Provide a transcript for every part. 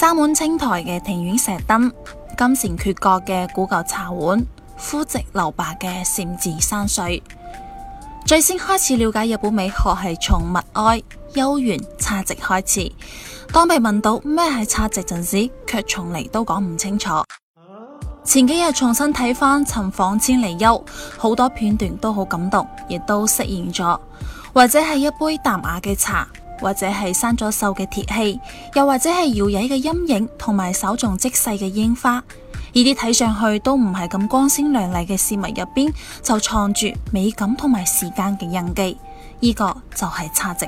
長滿青苔嘅庭院石燈，金繕缺角嘅古舊茶碗，枯寂留白嘅禪寺山水。最先開始了解日本美學係從物哀、幽玄、侘寂開始。當被問到咩係侘寂陣時，卻從嚟都講唔清楚。前幾日重新睇返《尋訪千利休》，好多片段都好感動，亦都釋然咗，或者係一杯淡雅嘅茶。或者係生咗鏽嘅鐵器，又或者係搖曳嘅陰影，同埋稍縱即逝嘅櫻花，呢啲睇上去都唔係咁光鮮亮麗嘅事物入邊，就藏住美感同埋時間嘅印記。呢、這個就係侘寂。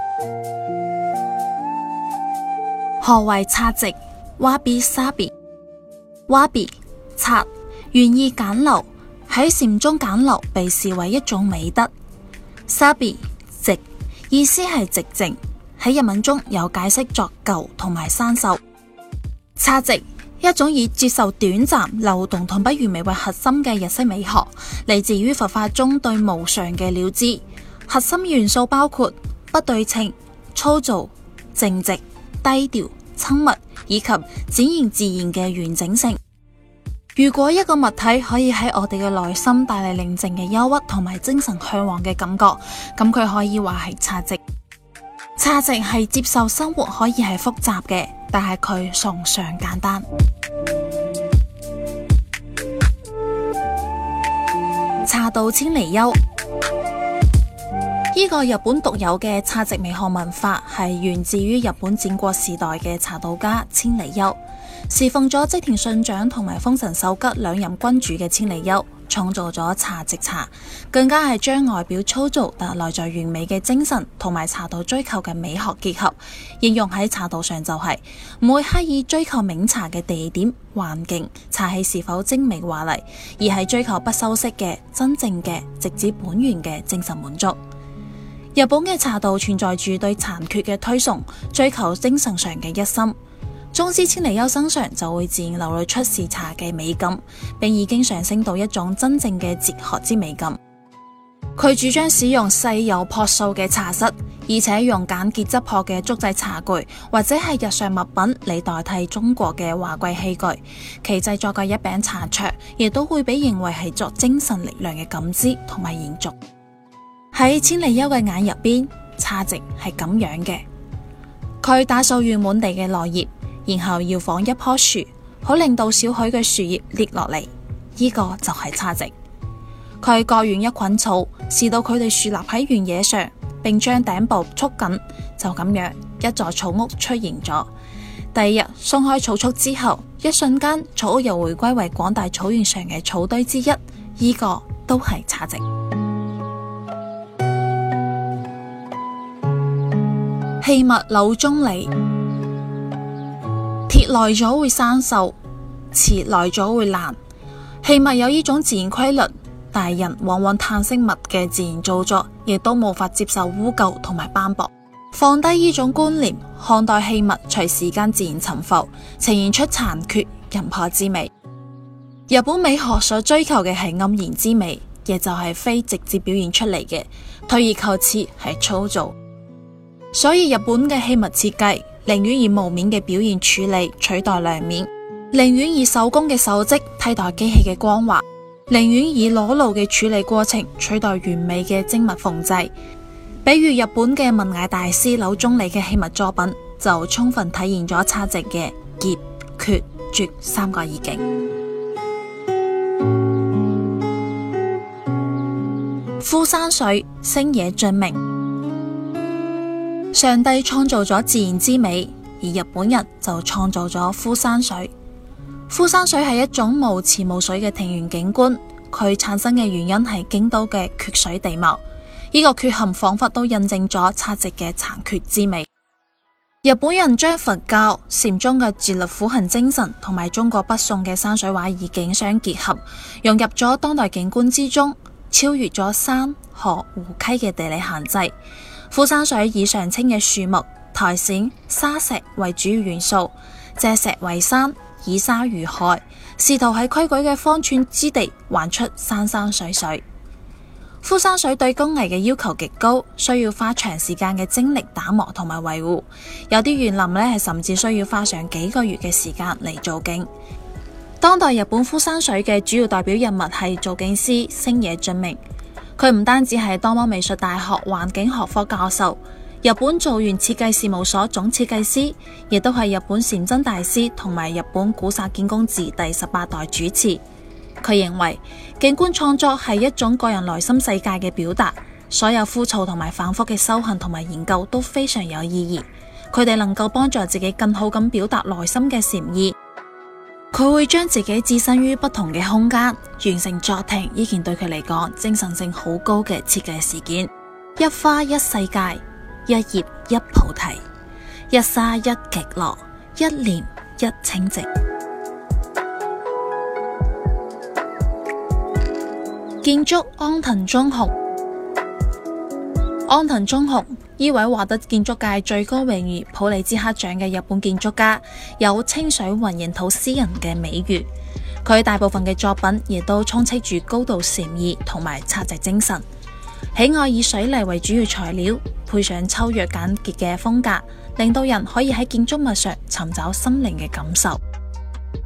何為侘寂？Wabi Sabi。Wabi 侘原意簡陋，喺禪中簡陋被視為一種美德。Sabi 寂，意思係寂靜。喺日文中有解釋作舊同埋生鏽。侘寂，一種以接受短暫、流動同不完美為核心嘅日式美學，嚟自於佛法中對無常嘅了知。核心元素包括不對稱、粗糙、靜寂、低調、親密以及展現自然嘅完整性。如果一個物體可以喺我哋嘅內心帶嚟寧靜嘅憂鬱同埋精神向往嘅感覺，咁佢可以話係侘寂。侘寂係接受生活可以係複雜嘅，但係佢崇尚簡單。茶道千利休，呢個日本獨有嘅侘寂美學文化係源自於日本戰國時代嘅茶道家千利休，侍奉咗織田信長同埋豐臣秀吉兩任君主嘅千利休。創造咗茶即茶，更加係將外表粗糙但內在完美嘅精神同埋茶道追求嘅美學結合，應用喺茶道上就係、是、唔會刻意追求名茶嘅地點、環境、茶器是否精美華麗，而係追求不修飾嘅真正嘅直指本源嘅精神滿足。日本嘅茶道存在住對殘缺嘅推崇，追求精神上嘅一心。總之，千利休身上就會自然流露出是茶嘅美感，並已經上升到一種真正嘅哲學之美感。佢主張使用細又樸素嘅茶室，而且用簡潔質樸嘅竹製茶具或者係日常物品嚟代替中國嘅華貴器具。其製作嘅一柄茶桌，亦都會被認為係作精神力量嘅感知同埋延續。喺千利休嘅眼入邊，茶席係咁樣嘅。佢打掃完滿地嘅落葉。然後搖晃一棵樹，好令到少許嘅樹葉跌落嚟，依、這個就係侘寂。佢割完一捆草，使到佢哋豎立喺原野上，並將頂部束緊，就咁樣一座草屋出現咗。第二日鬆開草束之後，一瞬間草屋又回歸為廣大草原上嘅草堆之一，依、這個都係侘寂。器物 柳宗理。耐咗會生銹，遲耐咗會爛。器物有呢種自然規律，大人往往嘆息物嘅自然造作，亦都無法接受污垢同埋斑駁。放低呢種觀念，看待器物隨時間自然沉浮，呈現出殘缺、人破之美。日本美學所追求嘅係黯然之美，亦就係非直接表現出嚟嘅，退而求次係粗糙。所以日本嘅器物設計。寧願以毛面嘅表現處理取代亮面，寧願以手工嘅手織替代機器嘅光滑，寧願以裸露嘅處理過程取代完美嘅精密縫製。比如日本嘅文藝大師柳宗理嘅器物作品，就充分體現咗侘寂嘅劫、缺絕、絕三個意境。枯山水、枡野俊明。上帝創造咗自然之美，而日本人就創造咗枯山水。枯山水係一種無池無水嘅庭園景觀，佢產生嘅原因係京都嘅缺水地貌。呢個缺陷仿佛都印證咗侘寂嘅殘缺之美。日本人將佛教禪宗嘅自律苦行精神同埋中國北宋嘅山水畫意境相結合，融入咗當代景觀之中，超越咗山河湖溪嘅地理限制。枯山水以常青嘅樹木、苔蘚、沙石為主要元素，借石為山，以沙如海，試圖喺規矩嘅方寸之地，畫出山山水水。枯山水對工藝嘅要求極高，需要花長時間嘅精力打磨同埋維護，有啲園林呢係甚至需要花上幾個月嘅時間嚟造景。當代日本枯山水嘅主要代表人物係造景師枡野俊明。佢唔單止係多摩美術大學環境學科教授，日本造園設計事務所總設計師，亦都係日本禪僧大師同埋日本古剎建功寺第十八代主持。佢認為景觀創作係一種個人內心世界嘅表達，所有枯燥同埋反覆嘅修行同埋研究都非常有意義。佢哋能夠幫助自己更好咁表達內心嘅禪意。佢會將自己置身於不同嘅空間，完成作庭依件對佢嚟講，精神性好高嘅設計事件。一花一世界，一葉一菩提，一沙一極樂，一蓮一清淨。 建築安藤忠雄，安藤忠雄。呢位獲得建築界最高榮譽普利茲克獎嘅日本建築家，有清水混凝土詩人嘅美譽。佢大部分嘅作品亦都充斥住高度禪意同埋侘寂精神，喜愛以水泥為主要材料，配上秋若簡潔嘅風格，令到人可以喺建築物上尋找心靈嘅感受。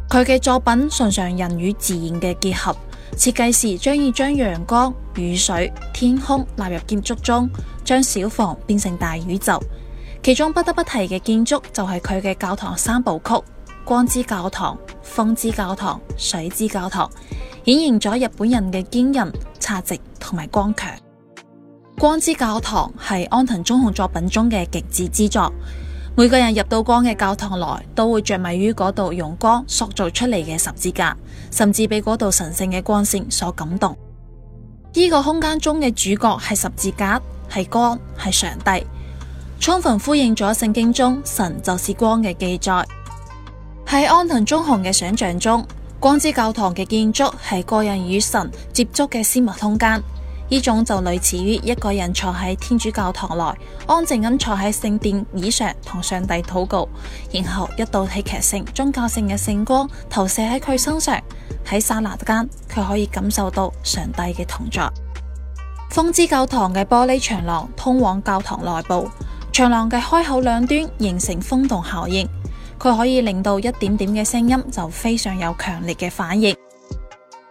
佢嘅作品崇尚人與自然嘅結合。設計時將要將陽光、雨水、天空納入建築中，將小房變成大宇宙。其中不得不提嘅建築就係佢嘅教堂三部曲：光之教堂、風之教堂、水之教堂，顯現咗日本人嘅堅韌、察直同埋光強。光之教堂係安藤忠雄作品中嘅極致之作，每個人入到光嘅教堂來，都會着迷於嗰度用光塑造出嚟嘅十字架。甚至被嗰度神聖嘅光線所感動。呢、這個空間中嘅主角係十字架，係光，係上帝，充分呼應咗聖經中神就是光嘅記載。喺安藤忠雄嘅想象中，光之教堂嘅建築係個人與神接觸嘅私密空間。呢種就類似於一個人坐喺天主教堂內，安靜咁坐喺聖殿椅上同上帝禱告，然後一道戲劇性宗教性嘅聖光投射喺佢身上，喺剎那間佢可以感受到上帝嘅同在。風之教堂嘅玻璃長廊通往教堂內部，長廊嘅開口兩端形成風洞效應，佢可以令到一點點嘅聲音就非常有強烈嘅反應。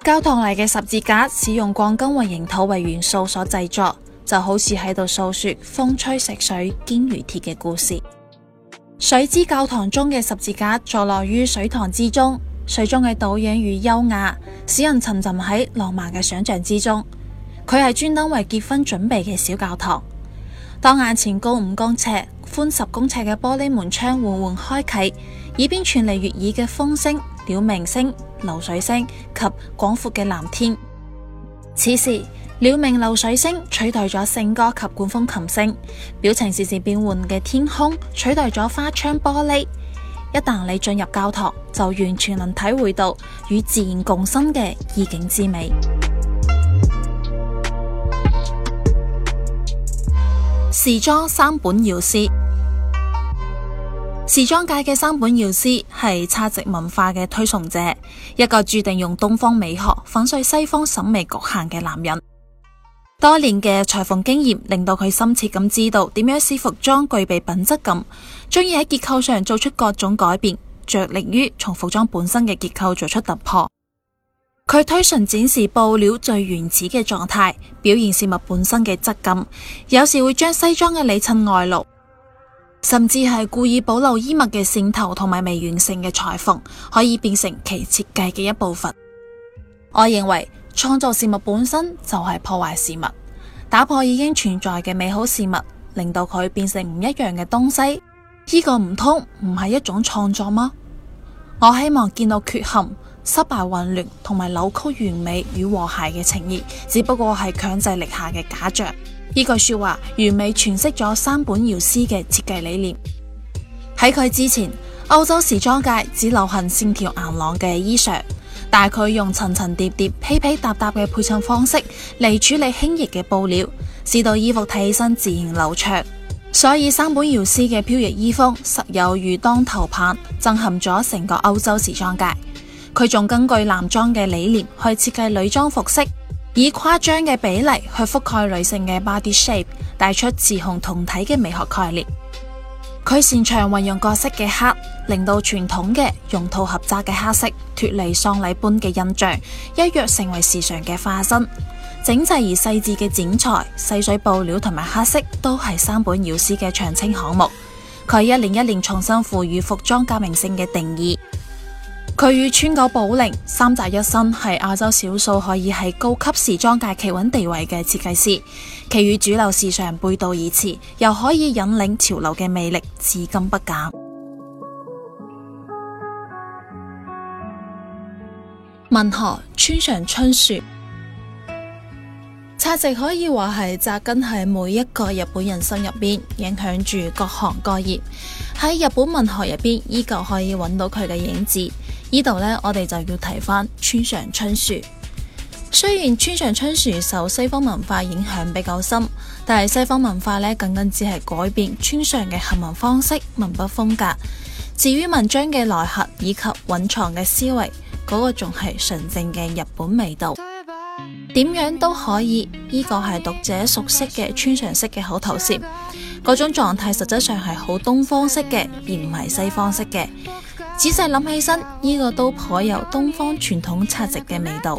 教堂內嘅十字架使用鋼筋混凝土為元素所製作，就好似喺度訴說風吹石水堅如鐵嘅故事。水之教堂中嘅十字架坐落於水塘之中，水中嘅倒影與優雅，使人沉浸喺浪漫嘅想象之中。佢係專登為結婚準備嘅小教堂。當眼前高五公尺、寬十公尺嘅玻璃門窗緩緩開啟，耳邊傳嚟悅耳嘅風聲。鳥鳴聲、流水聲及廣闊嘅藍天。此時，鳥鳴、流水聲取代咗聖歌及管風琴聲，表情時時變換嘅天空取代咗花窗玻璃。一旦你進入教堂，就完全能體會到與自然共生嘅意境之美。 時裝山本耀司。時裝界嘅山本耀司係侘寂文化嘅推崇者，一個注定用東方美學粉碎西方審美局限嘅男人。多年嘅裁縫經驗令到佢深切咁知道點樣使服裝具備品質感，中意喺結構上做出各種改變，着力於從服裝本身嘅結構做出突破。佢推崇展示布料最原始嘅狀態，表現事物本身嘅質感，有時會將西裝嘅裏襯外露。甚至係故意保留衣物嘅線頭同埋未完成嘅裁縫，可以變成其設計嘅一部分。我認為創作事物本身就係破壞事物，打破已經存在嘅美好事物，令到佢變成唔一樣嘅東西。呢個唔通唔係一種創作嗎？我希望見到缺陷、失敗、混亂同埋扭曲，完美與和諧嘅情意，只不過係強制力下嘅假象。呢句說話完美詮釋咗山本耀司嘅設計理念。喺佢之前，歐洲時裝界只流行線條硬朗嘅衣裳，但係佢用層層疊疊疊、披披搭搭嘅配襯方式嚟處理輕易嘅布料，使到衣服睇起身自然流暢。所以山本耀司嘅飄逸衣風實有如當頭棒，震撼咗成個歐洲時裝界。佢仲根據男裝嘅理念去設計女裝服飾。以誇張嘅比例去覆蓋女性嘅 body shape，帶出雌雄同體嘅美學概念。佢擅長運用各色嘅黑，令到傳統嘅用套合扎嘅黑色脫離喪禮般嘅印象，一躍成為時尚嘅化身。整齊而細緻嘅剪裁、細碎布料同埋黑色都係山本耀司嘅長青項目。佢一年一年重新賦予服裝革命性嘅定義。佢與川久保玲、三宅一生係亞洲少數可以喺高級時裝界企穩地位嘅設計師，其與主流時尚背道而馳，又可以引領潮流嘅魅力至今不減。文學，村上春樹，價值可以話係扎根喺每一個日本人心入邊，影響住各行各業。喺日本文學入邊，依舊可以揾到佢嘅影子。呢度呢，我哋就要提翻村上春樹。雖然村上春樹受西方文化影響比較深，但係西方文化呢，僅僅只係改變村上嘅行文方式、文筆風格。至於文章嘅內核以及蘊藏嘅思維，嗰個仲係純正嘅日本味道。點樣都可以，呢個係讀者熟悉嘅村上式嘅口頭禪。嗰種狀態實質上係好東方式嘅，而唔係西方式嘅。仔細諗起身，呢、這個都頗有東方傳統侘寂嘅味道。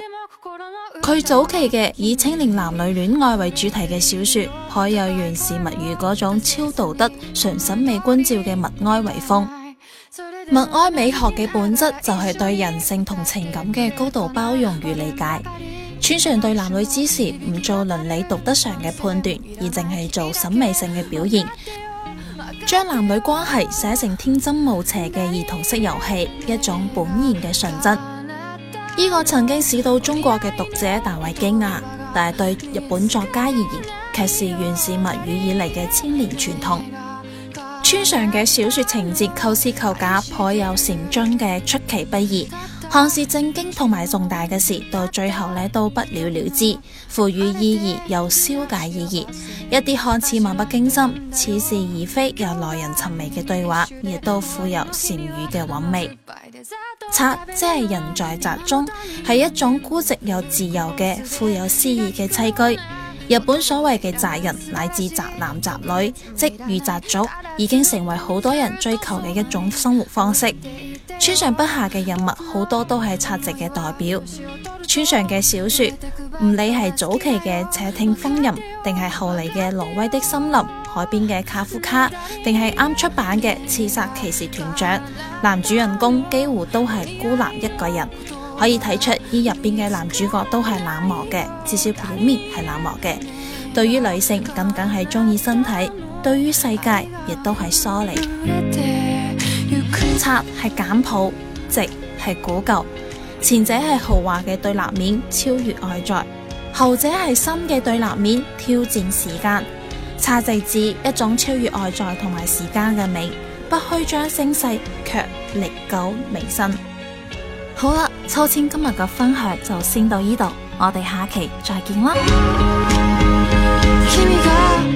佢早期嘅以青年男女戀愛為主題嘅小說，頗有源氏物語嗰種超道德、常審美觀照嘅物哀遺風。物哀美學嘅本質就係對人性同情感嘅高度包容與理解。村上對男女之事唔做倫理道德上嘅判斷，而淨係做審美性嘅表現。將男女關係寫成天真無邪嘅兒童式遊戲，一種本然嘅純真。呢個曾經使到中國嘅讀者大為驚訝，但係對日本作家而言，卻是源氏物語以嚟嘅千年傳統。村上嘅小說情節構思構架頗有禪宗嘅出其不意。看似正經同埋重大嘅事，到最後呢都不了了之，賦予意義又消解意義；一啲看似漫不經心、似是而非又耐人尋味嘅對話，亦都富有禪語嘅韻味。宅即係人在宅中，係一種孤寂又自由嘅富有詩意嘅棲居。日本所謂嘅宅人乃至宅男宅女，即御宅族，已經成為好多人追求嘅一種生活方式。村上筆下嘅人物好多都係侘寂嘅代表，村上嘅小說，唔理係早期嘅《且聽風吟》，定係後嚟嘅《挪威的森林》，海邊嘅卡夫卡，定係啱出版嘅《刺殺騎士團長》，男主人公幾乎都係孤男一個人，可以睇出呢入邊嘅男主角都係冷漠嘅，至少表面係冷漠嘅。對於女性，僅僅係中意身體；對於世界，亦都係疏離。侘係簡樸，寂係古舊，前者係豪華嘅對立面，超越外在；後者係新嘅對立面，挑戰時間。侘寂指一種超越外在同埋時間嘅美，不虛張聲勢，卻歷久彌新。好啦，秋千今日嘅分享就先到呢度，我哋下期再見啦。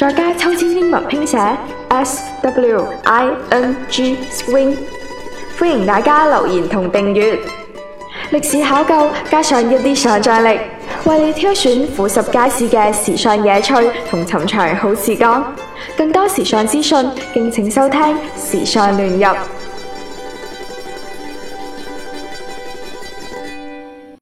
再加秋千英文拼寫 S W I N G swing，歡迎大家留言同訂閱。歷史考究加上一啲想象力，為你挑選富十街市嘅時尚野趣同尋常好時光。更多時尚資訊，敬請收聽《時尚亂入》。